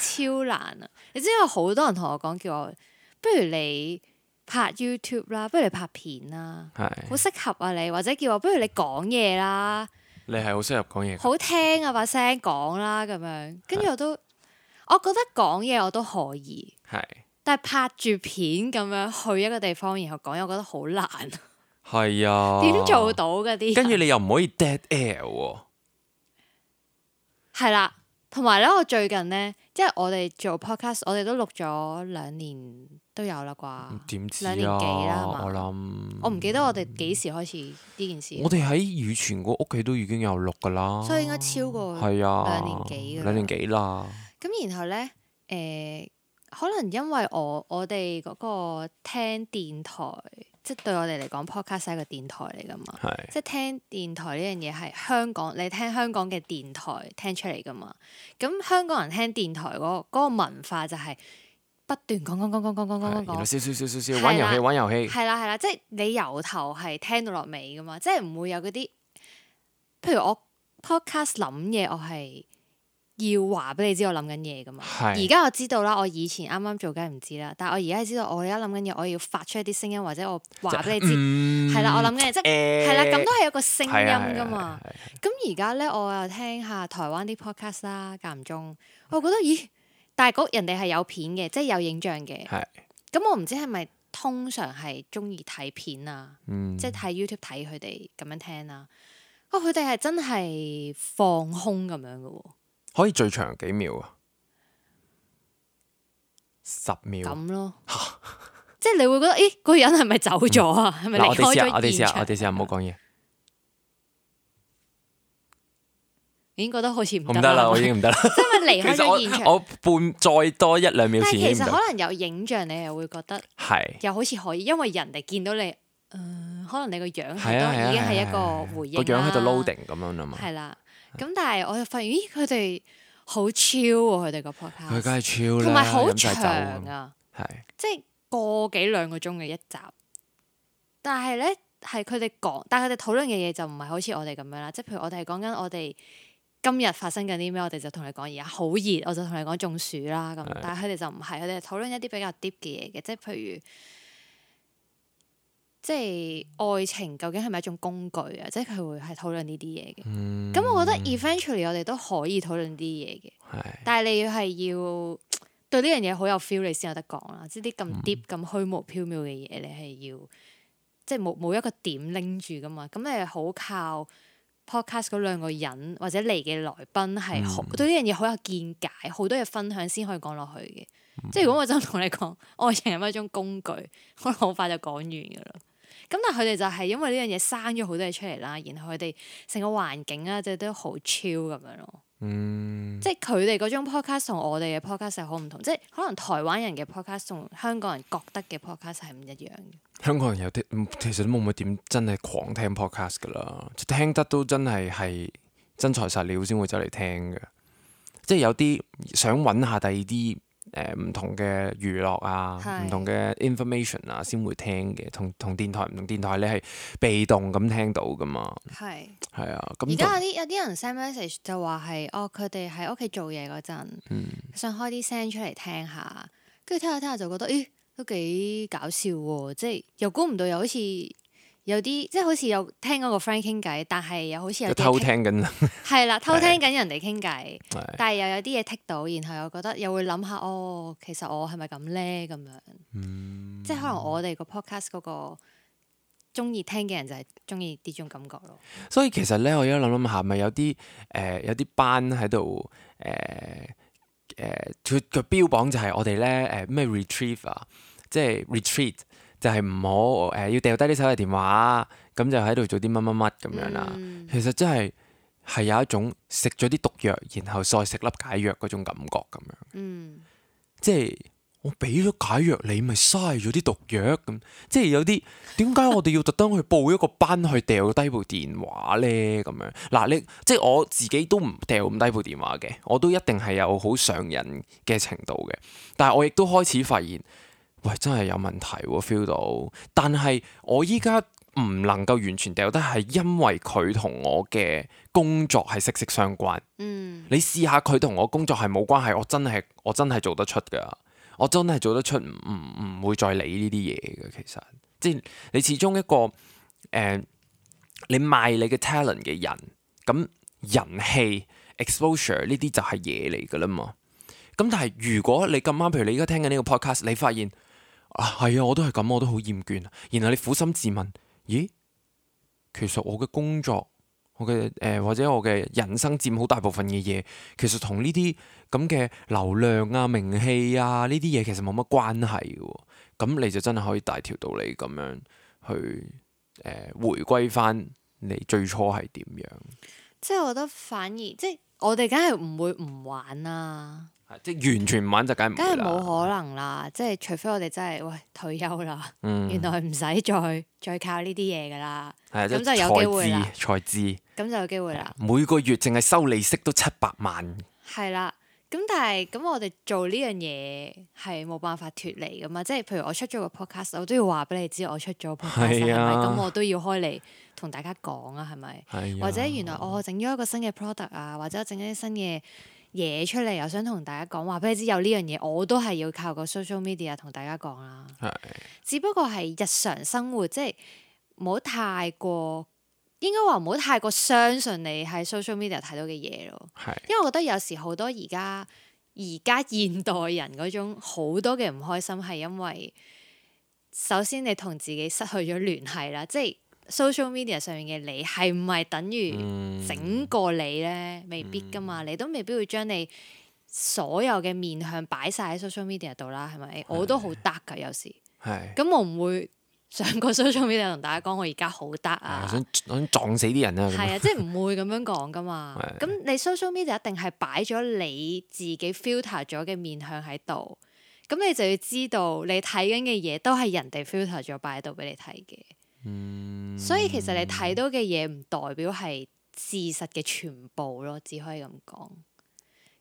超難啊！你知道有好多人同我講叫我不如你拍 YouTube 啦，不如你拍片啦，好是適合啊你，或者叫我不如你講嘢啦，你係好適合講嘢，好聽啊把聲講啦咁樣，跟住我都是我覺得講嘢我都可以，係是，但係拍住片咁樣去一個地方然後講嘢，我覺得好難、啊。係啊，點做到嗰啲？跟住你又唔可以 dead air 。係啦，同埋咧，我最近咧，即係我哋做 podcast，我哋都錄咗兩年都有啦啩？點知兩年幾啦？我諗我唔記得我哋幾時開始呢件事。我哋喺以前個屋企都已經有錄噶啦，所以應該超過，係啊，兩年幾？兩年幾啦？咁然後咧，誒、呃，可能因為我我哋嗰個聽電台。即係對我哋嚟講，podcast 係個電台嚟噶嘛？即係聽電台呢樣嘢係香港，你聽香港嘅電台聽出嚟噶嘛？咁香港人聽電台嗰嗰個文化就係不斷講講講講講講講講講，少少少少少玩遊戲玩遊戲。係啦，係啦，即係你由頭係聽到落尾噶嘛，即係唔會有嗰啲。譬如我 podcast 諗嘢，我係。要話俾你知我諗緊嘢噶嘛？而家是我知道啦，我以前啱啱做梗係唔知啦，但係我而家知道，我而家諗緊嘢，我要發出一啲聲音或者我話俾你知，係啦、嗯，我諗緊嘢，欸、即係係啦，咁都係一個聲音噶嘛。咁而家咧，我又聽下台灣啲 podcast 啦，間唔中，我覺得咦，但係人哋係有片嘅，即係有影像嘅。係是。咁我唔知係咪通常係中意睇片啊？嗯、即係睇 YouTube 睇佢哋咁樣聽啦、啊。哦，佢哋係真係放空咁樣嘅喎。可以最長幾秒啊？十秒咁咯， 即係你會覺得，誒，個人係咪走咗啊？係咪、嗯、離開咗現場我哋試下，我哋試下我哋試下，唔好講嘢。已經覺得好似唔得啦，我已經唔得啦，因為離開咗現場， 我,我半再多一兩秒，其實可能有影像，你又會覺得係，又好似可以，因為人哋見到你、呃，可能你個樣係都已經係一個回應啦，個樣喺度 loading 咁樣啊嘛，係啦。的咁、嗯、但係我就發現，咦，佢哋好超喎，佢哋、啊、個 p o 佢梗係超，同埋好長啊，係即係個幾兩個鐘嘅一集。但係咧，係佢哋講，但係佢哋討論嘅嘢就唔係好似我哋咁樣啦，即係譬如我哋係講緊我哋今日發生緊啲咩，我哋就同你講而家好熱，我就同你講中暑啦咁。是但係佢哋就唔係，佢哋係討論一啲比較 deep 嘅嘢嘅，即係譬如。即係愛情究竟係咪一種工具啊？即係佢會係討論呢啲嘢嘅。咁、嗯、我覺得 eventually 我哋都可以討論啲嘢嘅。是但係你要係要對呢樣嘢好有 feel，你先有得講啦。即係啲咁 deep、咁、嗯、虛無縹緲嘅嘢，你係要即係冇冇一個點拎住噶嘛？咁你係好靠 podcast 嗰兩個人或者你嘅來賓係、嗯、對呢樣嘢好有見解，好多嘢分享先可以講落去嘅。嗯、即係如果我真係同你講愛情係咪一種工具，可能好快就講完噶啦。咁但佢哋就係因為呢樣嘢生咗好多嘢出嚟啦，然後佢哋成個環境啊，嗯、即係都好潮咁樣咯。嗯，即係佢哋嗰種 podcast 同我哋嘅 podcast 係好唔同，即係可能台灣人嘅 podcast 同香港人覺得嘅 podcast 係唔一樣嘅。香港人有啲其實都冇乜點真係狂聽 podcast 噶啦，聽得都真係係真材實料先會走嚟聽嘅，即係有啲想揾下第二啲。誒唔、呃、同嘅娛樂啊，唔是同嘅 information 啊，先會聽嘅。同同電台唔同電台，電台你係被動咁聽到㗎嘛。係係是啊，咁而家有啲有啲人 send message 就話係，哦佢哋喺屋企做嘢嗰陣，嗯、想開啲聲出嚟聽下，跟住聽下聽下就覺得，咦、欸、都幾搞笑喎！即係又估唔到，又，到又好似～有啲即係好似有聽嗰個 friend 傾偈，但係又好似有偷聽緊。係 啦，偷聽緊人哋傾偈， 的但係又有啲嘢剔到，然後又覺得又會諗下哦，其實我係咪咁咧？咁樣，嗯、即係可能我哋 pod、個 podcast 嗰個中意聽嘅人就係中意呢種感覺咯。所以其實咧，我而家諗諗下，係咪有啲誒、呃、有啲班喺度誒誒佢佢標榜就係我哋咧誒咩、呃、retriever、啊、即係 retreat。就係唔好誒，要掉低啲手提電話，咁就喺度做啲乜乜乜咁樣啦。Mm. 其實真係係有一種食咗啲毒藥，然後再食粒解藥嗰種感覺咁樣。嗯、mm.，即係我俾咗解藥，你咪嘥咗啲毒藥咁。即係有啲點解我哋要特登去報一個班 去掉低部電話咧？咁樣嗱，你即係我自己都唔掉咁低部電話嘅，我都一定係有好上癮嘅程度嘅。但係我亦都開始發現。喂，真係有問題，啊，feel 到。但係我依家唔能夠完全掉低，係因為佢同我嘅工作係息息相關。嗯，你試下佢同我工作係冇關係，我真係我真係做得出㗎。我真係做得出，唔唔會再理呢啲嘢嘅。其實，即係你始終一個誒、呃，你賣你嘅 talent 嘅人，咁人氣、exposure 呢啲就係嘢嚟㗎啦嘛。咁但係如果你咁啱，譬如你而家聽緊呢個 podcast，你發現。啊，係啊，我都係咁，我都好厭倦。然後你苦心自問，咦？其實我嘅工作，我嘅誒、呃，或者我嘅人生佔好大部分嘅嘢，其實同呢啲咁嘅流量啊、名氣啊呢啲嘢其實冇乜關係嘅。咁你就真係可以大條道理咁樣去誒、呃、回歸翻你最初係點樣？即係我覺得反而，即係我哋梗係唔會唔玩啊。即係完全唔玩就梗係冇可能啦！即係除非我哋真係喂退休啦，嗯、原來唔使再再靠呢啲嘢噶啦，咁、嗯、就有機會啦。財資咁就有機會啦、嗯。每個月淨係收利息都七百萬。係啦，咁但係咁我哋做呢樣嘢係冇辦法脱離噶嘛？即係譬如我出咗個 podcast，我都要話俾你知我出咗個 podcast 咁我都要開嚟同大家講是啊,啊，係咪？或者原來、哦、我整咗一個新嘅 product 啊，或者整一啲新嘅。嘢出嚟，又想同大家講話俾你知有呢樣嘢，我都係要靠個 social media 同大家講啦。係只不過係日常生活，即係唔好太過，應該話唔好太過相信你喺 social media 睇到嘅嘢咯。係因為我覺得有時好多而家而家現代人嗰種好多嘅唔開心係因為，首先你同自己失去咗聯繫啦，即係。social media 上面嘅你係唔係等於整個你咧？未必噶嘛，你都未必會將你所有嘅面向擺晒喺 social media 度啦，係咪、欸？我都好 dark 噶，有時，咁的我唔會上個 social media 同大家講我而家好 dark 啊，啊想，想撞死啲人啦，係啊，即係唔會咁樣講噶嘛。咁 的你 social media 一定係擺咗你自己 filter 咗嘅面向喺度，咁你就要知道你睇緊嘅嘢都係人哋 filter 咗擺喺度俾你睇嘅。嗯、所以其實你睇到嘅嘢，唔代表係事實嘅全部咯，只可以咁講。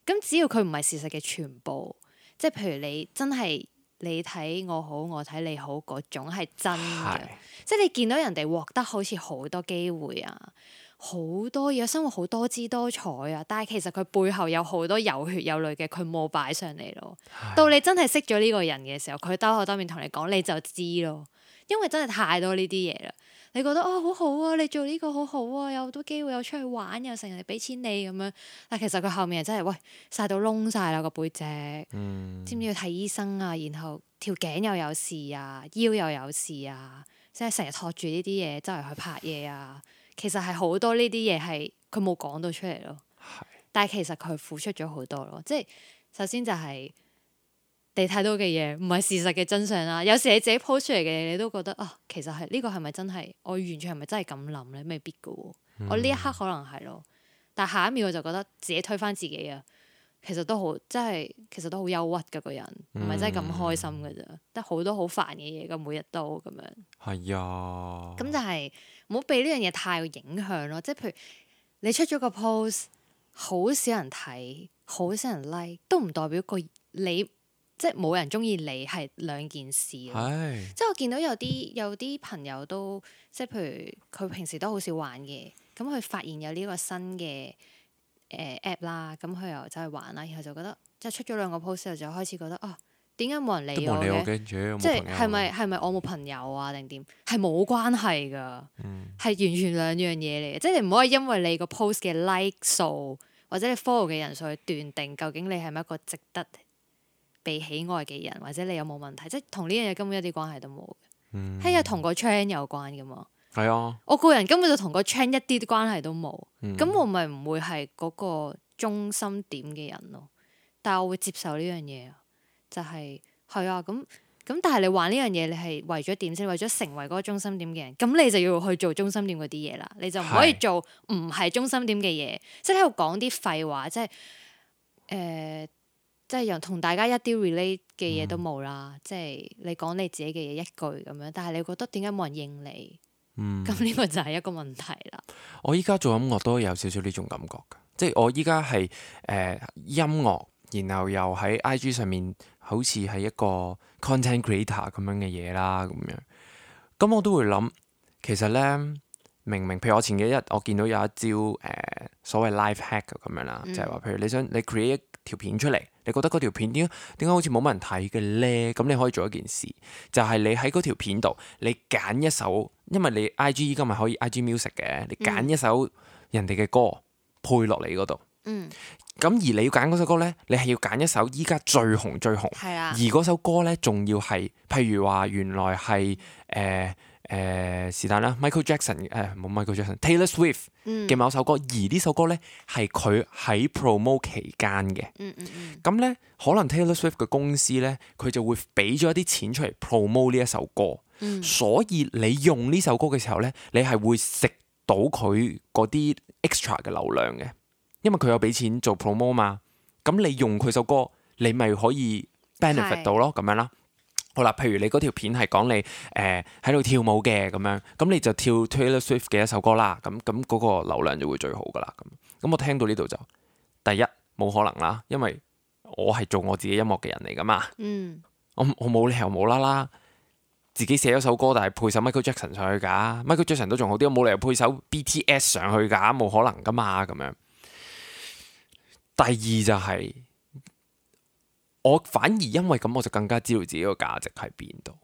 咁只要佢唔係事實嘅全部，即係譬如你真係你睇我好，我睇你好嗰種係真嘅。是即係你見到人哋獲得好似好多機會啊，好多嘢，生活好多姿多彩啊。但係其實佢背後有好多有血有淚嘅，佢冇擺上嚟咯。是到你真係識咗呢個人嘅時候，佢兜口兜面同你講，你就知咯。因為真係太多呢啲嘢啦，你覺得哦好好啊，你做呢個好好啊，有好多機會，有出去玩，又成日俾錢你咁樣。但其實佢後面真係，喂晒到窿晒啦個背脊，嗯、知唔知要睇醫生啊？然後條頸又有事啊，腰又有事啊，即係成日托住呢啲嘢，周圍去拍嘢啊。其實係好多呢啲嘢係佢冇講到出嚟咯。是但係其實佢付出咗好多咯。即係首先就係、是。睇太多嘅嘢，唔係事實嘅真相啦、啊。有時你自己 post 出嚟嘅嘢，你都覺得啊，其實係呢個係咪、呢個、真係？我完全係咪真係咁諗咧？未必嘅喎。嗯、我呢一刻可能係咯，但係下一秒我就覺得自己推翻自己啊。其實都好，真係其實都好憂鬱嘅個人，唔係、嗯、真係咁開心嘅啫，得好、嗯、多好煩嘅嘢嘅，每日都咁樣。係啊呀，咁就係唔好被呢樣嘢太有影響咯。即係譬如你出咗個 post，好少人睇，好少人 like，都唔代表個你。即係冇人中意你係兩件事是即係我見到有啲有啲朋友都即係譬如佢平時都好少玩嘅，咁佢發現有呢個新嘅誒、呃、app 啦，咁、嗯、佢又走去玩啦，然後就覺得即係出咗兩個 post 之後就開始覺得啊，點解冇人理我，理我有有即係係咪係咪我冇朋友啊？定點係冇關係噶，係、嗯、完全兩樣嘢嚟嘅，即係你唔可以因為你個 post 嘅 like 數或者你 follow 嘅人數去斷定究竟你係咪一個值得。被喜愛嘅人，或者你有冇問題？即係同呢樣嘢根本一啲關係都冇。嗯，係啊呀，同個 trend 有關嘅嘛。係啊呀。我個人根本就同個 trend 一啲啲關係都冇。咁、嗯、我咪唔會係嗰個中心點嘅人咯。但係我會接受呢樣嘢啊，就係係啊。咁咁，但係你玩呢樣嘢，你係為咗點先？為咗成為嗰個中心點嘅人，咁你就要去做中心點嗰啲嘢啦。你就唔可以做唔係中心點嘅嘢，即係喺度講啲廢話，即係誒。呃即係又同大家一啲 relate 嘅嘢都冇啦，嗯、即係你講你自己嘅嘢一句咁樣，但係你覺得點解冇人應你？嗯、咁呢個就係一個問題啦。我依家做音樂都有少少呢種感覺，㗎，即係我依家係誒音樂，然後又喺 IG 上面好似係一個 content creator 咁樣嘅嘢啦，咁樣，咁我都會諗，其實咧，明明譬如我前幾日我見到有一招誒、呃、所謂 life hack 咁樣啦，就係、是、話譬如你想你 create。條片出嚟，你覺得嗰條片點點解好似冇乜人睇嘅咧？咁你可以做一件事，就係、是、你喺嗰條片度，你揀一首，因為你 I G 依家咪可以 I G Music 嘅，你揀一首人哋嘅歌配落嚟嗰度。嗯，咁而你要揀嗰首歌咧，你係要揀一首依家最紅最紅，係啊、嗯，而嗰首歌咧，仲要係，譬如話原來係誒。呃誒是但啦，Michael Jackson 誒、哎、冇 Michael Jackson，Taylor Swift 嘅某首歌，嗯、而呢首歌咧係佢喺 promote 期間嘅。咁咧、嗯嗯嗯、可能 Taylor Swift 嘅公司咧，佢就會俾咗一啲錢出嚟 promote 呢一首歌。嗯嗯，所以你用呢首歌嘅時候咧，你係會食到佢嗰啲 extra 嘅流量嘅，因為佢有俾錢做 promote 嘛。咁你用佢首歌，你咪可以 benefit 到咯，咁對 樣啦。好啦，譬如你嗰條片係講你誒喺度跳舞嘅咁樣，咁你就跳 Taylor Swift 嘅一首歌啦，咁咁嗰個流量就會最好噶啦。咁，咁我聽到呢度就，第一冇可能啦，因為我係做我自己音樂嘅人嚟噶嘛。嗯，我我冇理由冇啦啦自己寫咗首歌，但係配首 Michael Jackson 上去噶，Michael Jackson 都仲好啲，我冇理由配首 BTS 上去噶，冇可能噶嘛咁樣。第二就係。我反而因為咁，我就更加知道自己個價值喺邊度。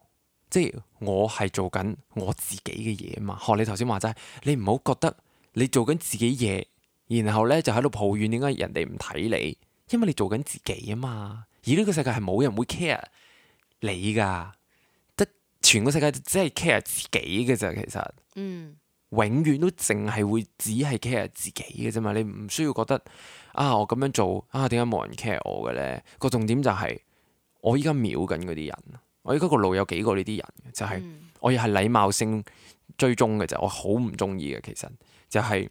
即係我係做緊我自己嘅嘢啊嘛。哦，你頭先話齋，你唔好覺得你做緊自己嘢，然後呢就喺度抱怨點解人哋唔睇你，因為你做緊自己啊嘛。而呢個世界係冇人會 care 你噶，得全個世界只係 care 自己嘅咋，其實。嗯永遠都淨係會只係 care 自己嘅啫嘛，你唔需要覺得啊我咁樣做啊點解冇人 care 我嘅咧？個重點就係我依家瞄緊嗰啲人，我依家個路有幾個呢啲人就係我亦係禮貌性追蹤嘅，就我好唔中意嘅其實就係，誒、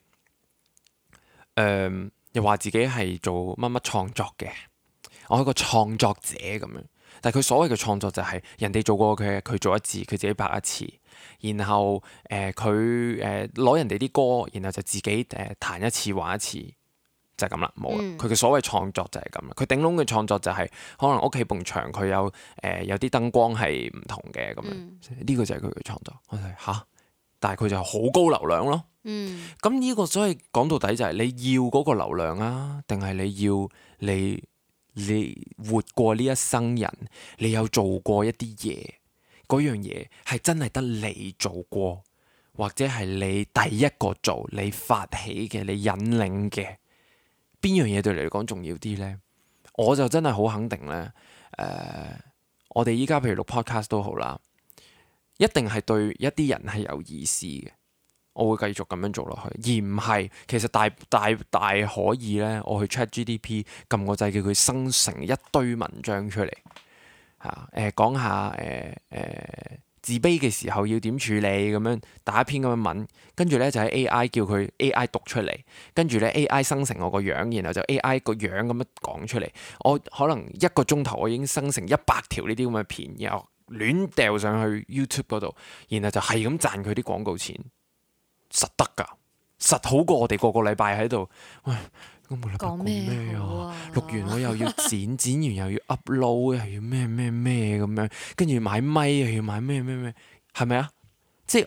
呃、又話自己係做乜乜創作嘅，我係一個創作者咁樣，但係佢所謂嘅創作就係人哋做過嘅，佢做一次，佢自己拍一次。然後誒佢誒攞人哋啲歌，然後就自己誒彈、呃、一次玩一次，就係咁啦，冇佢嘅所謂創作就係咁啦。佢頂籠嘅創作就係、是、可能屋企埲牆佢有誒、呃、有啲燈光係唔同嘅咁樣，呢、嗯、個就係佢嘅創作。我睇吓，但係佢就好高流量咯。咁呢、嗯、個所以講到底就係、是、你要嗰個流量啊，定係你要你你，你，你活過呢一生人，你有做過一啲嘢？嗰樣嘢係真係得你做過，或者係你第一個做、你發起嘅、你引領嘅，邊樣嘢對你嚟講重要啲呢？我就真係好肯定咧。誒、呃，我哋依家譬如錄 podcast 都好啦，一定係對一啲人係有意思嘅。我會繼續咁樣做落去，而唔係其實大大大可以呢，我去 ChatGPT，撳個掣叫佢生成一堆文章出嚟。啊、呃！講下誒誒、呃呃、自卑嘅時候要點處理咁樣，打一篇咁樣文，跟住呢就喺 A I 叫佢 A I 讀出嚟，跟住呢 A I 生成我個樣，然後就 A I 個樣咁樣講出嚟。我可能一個鐘頭我已經生成一百條呢啲咁嘅片，然後亂掉上去 YouTube 嗰度，然後就係咁賺佢啲廣告錢，實得㗎，實好過我哋個個禮拜喺度喂。我個禮拜講咩啊？錄完我又要剪， 剪完又要 upload，又要咩咩咩咁樣，跟住買咪又要買咩咩咩，係咪啊？即係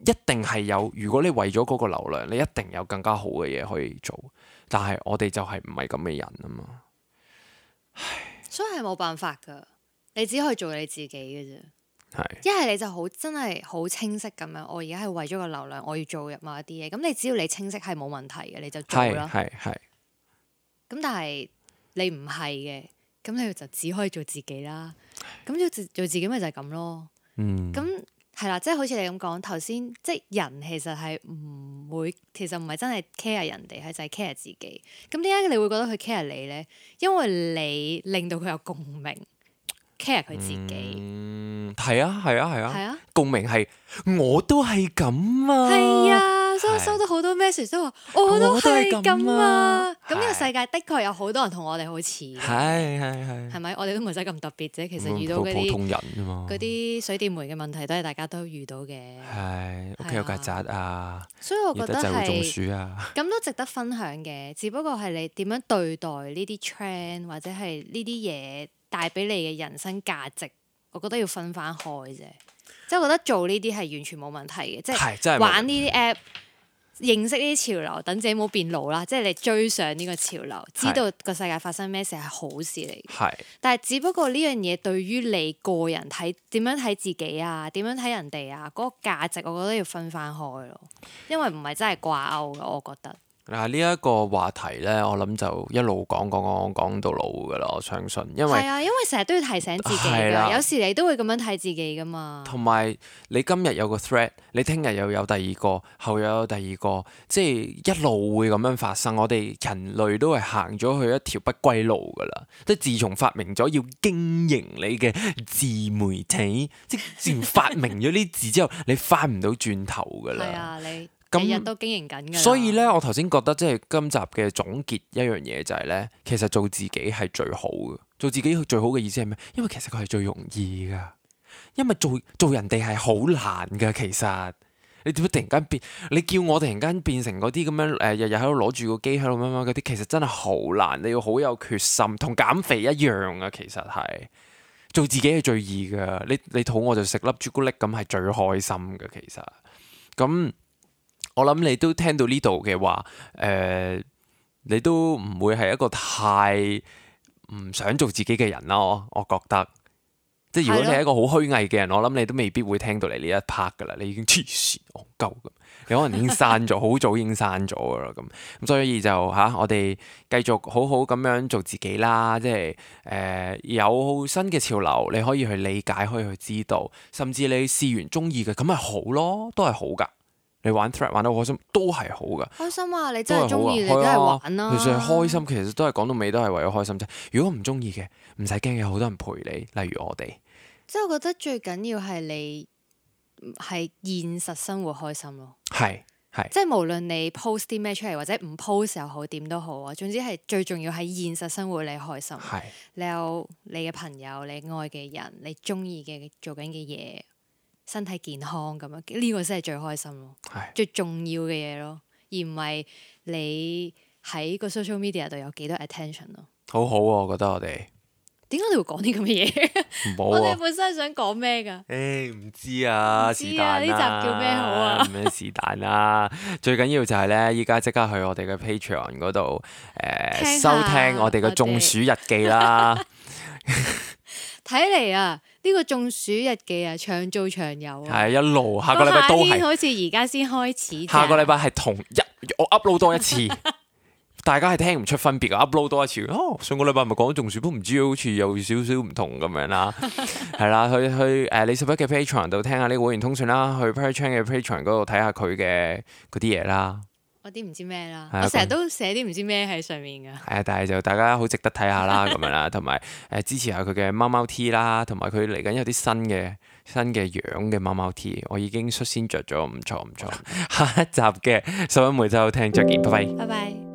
一定係有，如果你為咗嗰個流量，你一定有更加好嘅嘢，可以做。但係我哋就係唔係咁嘅人啊嘛，所以係冇辦法噶，你只可以做你自己嘅啫。一係是你就好真係好清晰咁樣，我而家係為咗個流量，我要做入某一啲嘢。咁你只要你清晰係冇問題嘅，你就做啦。係係。咁但係你唔係嘅，咁你就只可以做自己啦。咁做自做自己咪就係咁咯。嗯。咁係啦，即係好似你咁講頭先，即係人其實係唔會，其實唔係真係 care 人哋，係就係 care 自己。咁點解你會覺得佢 care 你呢？因為你令到佢有共鳴。care 佢自己，嗯，係啊係啊係啊，啊啊共鳴係我都係咁啊，係啊，所以我收到好多 message 都話我都係咁啊，咁、啊啊、個世界的確有好多人同我哋好似，係係係，係咪、啊啊、我哋都唔使咁特別啫？其實遇到普，普通人啊，嗰啲水電煤嘅問題都係大家都遇到嘅，係屋企有曱甴啊，啊所以我覺得係咁、啊、 都值得分享嘅。只不過係你點樣對待呢啲 trend 或者係呢啲嘢。帶俾你嘅人生價值，我覺得要分翻開啫。即我覺得做呢啲係完全冇問題嘅，即係玩呢啲 app，認識呢啲潮流，等自己冇變老啦。即係你追上呢個潮流，知道個世界發生咩事係好事嚟。係。但係只不過呢樣嘢對於你個人睇點樣睇自己啊，點樣睇人哋啊，嗰個價值我覺得要分翻開咯。因為唔係真係掛鈎嘅，我覺得。嗱，呢一個話題呢，我諗就一路講講講講到老噶啦，我相信。係啊，因為成日都要提醒自己噶，啊、有時你都會咁樣睇自己噶嘛。同埋你今日有個 Threads，你聽日又有第二個，後日又有第二個，即係一路會咁樣發生。我哋人類都係行咗去一條不歸路噶啦。即係自從發明咗要經營你嘅自媒體， 即自發明咗呢字之後，你翻唔到轉頭噶啦。係啊，你。日日那都經營緊嘅，所以咧，我頭先覺得即係今集嘅總結一樣嘢就係咧，其實做自己係最好嘅。做自己最好嘅意思係咩？因為其實佢係最容易噶，因為做做人哋係好難噶。其實你點樣突然間變？你叫我突然間變成嗰啲咁樣誒，日日喺度攞住個機喺度乜乜嗰啲，其實真係好難。你要好有決心，同減肥一樣啊。其實係做自己係最易噶。你你肚餓就食粒朱古力咁，係最開心嘅。其實咁。我諗你都聽到呢度嘅話，誒、呃，你都唔會係一個太唔想做自己嘅人啦，我我覺得。即係如果你係一個好虛偽嘅人，我諗你都未必會聽到嚟呢一 part 噶啦，你已經痴線戇鳩咁，你可能已經散咗，好 早已經散咗噶啦咁。咁所以就吓、啊，我哋繼續好好咁樣做自己啦。即係誒、呃，有新嘅潮流，你可以去理解，可以去知道，甚至你試完中意嘅咁咪好咯，都係好噶。你玩 Threads 玩得好開心都係好噶，開心啊！你真係中意你梗係玩啦，啊啊。其實開心，其實都係講到尾都係為咗開心啫。如果唔中意嘅，唔使驚，有好多人陪你，例如我哋。即係我覺得最緊要係你係現實生活開心咯。係係，即係無論你 post 啲咩出嚟，或者唔 post 又好，點都好啊。總之係最重要係現實生活你開心，係是你有你嘅朋友，你愛嘅人，你中意嘅做緊嘅嘢。身體健康咁樣，呢、呢個先係最開心咯，是的 最重要嘅嘢咯，而唔係你喺個 social media 度有幾多 attention 咯。好好、啊，我覺得我哋點解你會講啲咁嘅嘢？好啊、 我哋本身想講咩噶？誒唔、欸、知啊，是但呢集叫咩好啊？咁樣是但啦。啊、 最緊要就係咧，依家即刻去我哋嘅 Patreon 嗰度誒收聽我哋嘅《中暑日記》啦。睇 嚟 啊！呢個中暑日記啊，長做長有啊！係一路，下個禮拜都係。夏天好似而家先開始。下個禮拜係同一，我 upload 多一次， 大家係聽唔出分別啊！upload 多一次，哦，上個禮拜咪講中暑，都唔知好似有少少唔同咁樣啦，係啦， 去去誒李石北嘅 Patreon 度聽下呢個會員通訊啦，去 Perchan 嘅 Patreon 度睇下佢嘅嗰啲嘢啦。嗰啲唔知咩啦，啊、我成日都寫啲唔知咩喺上面㗎。係啊，但係就大家好值得睇下啦咁 樣、呃、貓貓貓貓啦，同埋誒支持下佢嘅貓貓 T 啦，同埋佢嚟緊有啲新嘅新嘅樣嘅貓貓 T，我已經率先着咗，唔錯唔錯。錯 下一集嘅拾壹每週聽，再見，拜拜。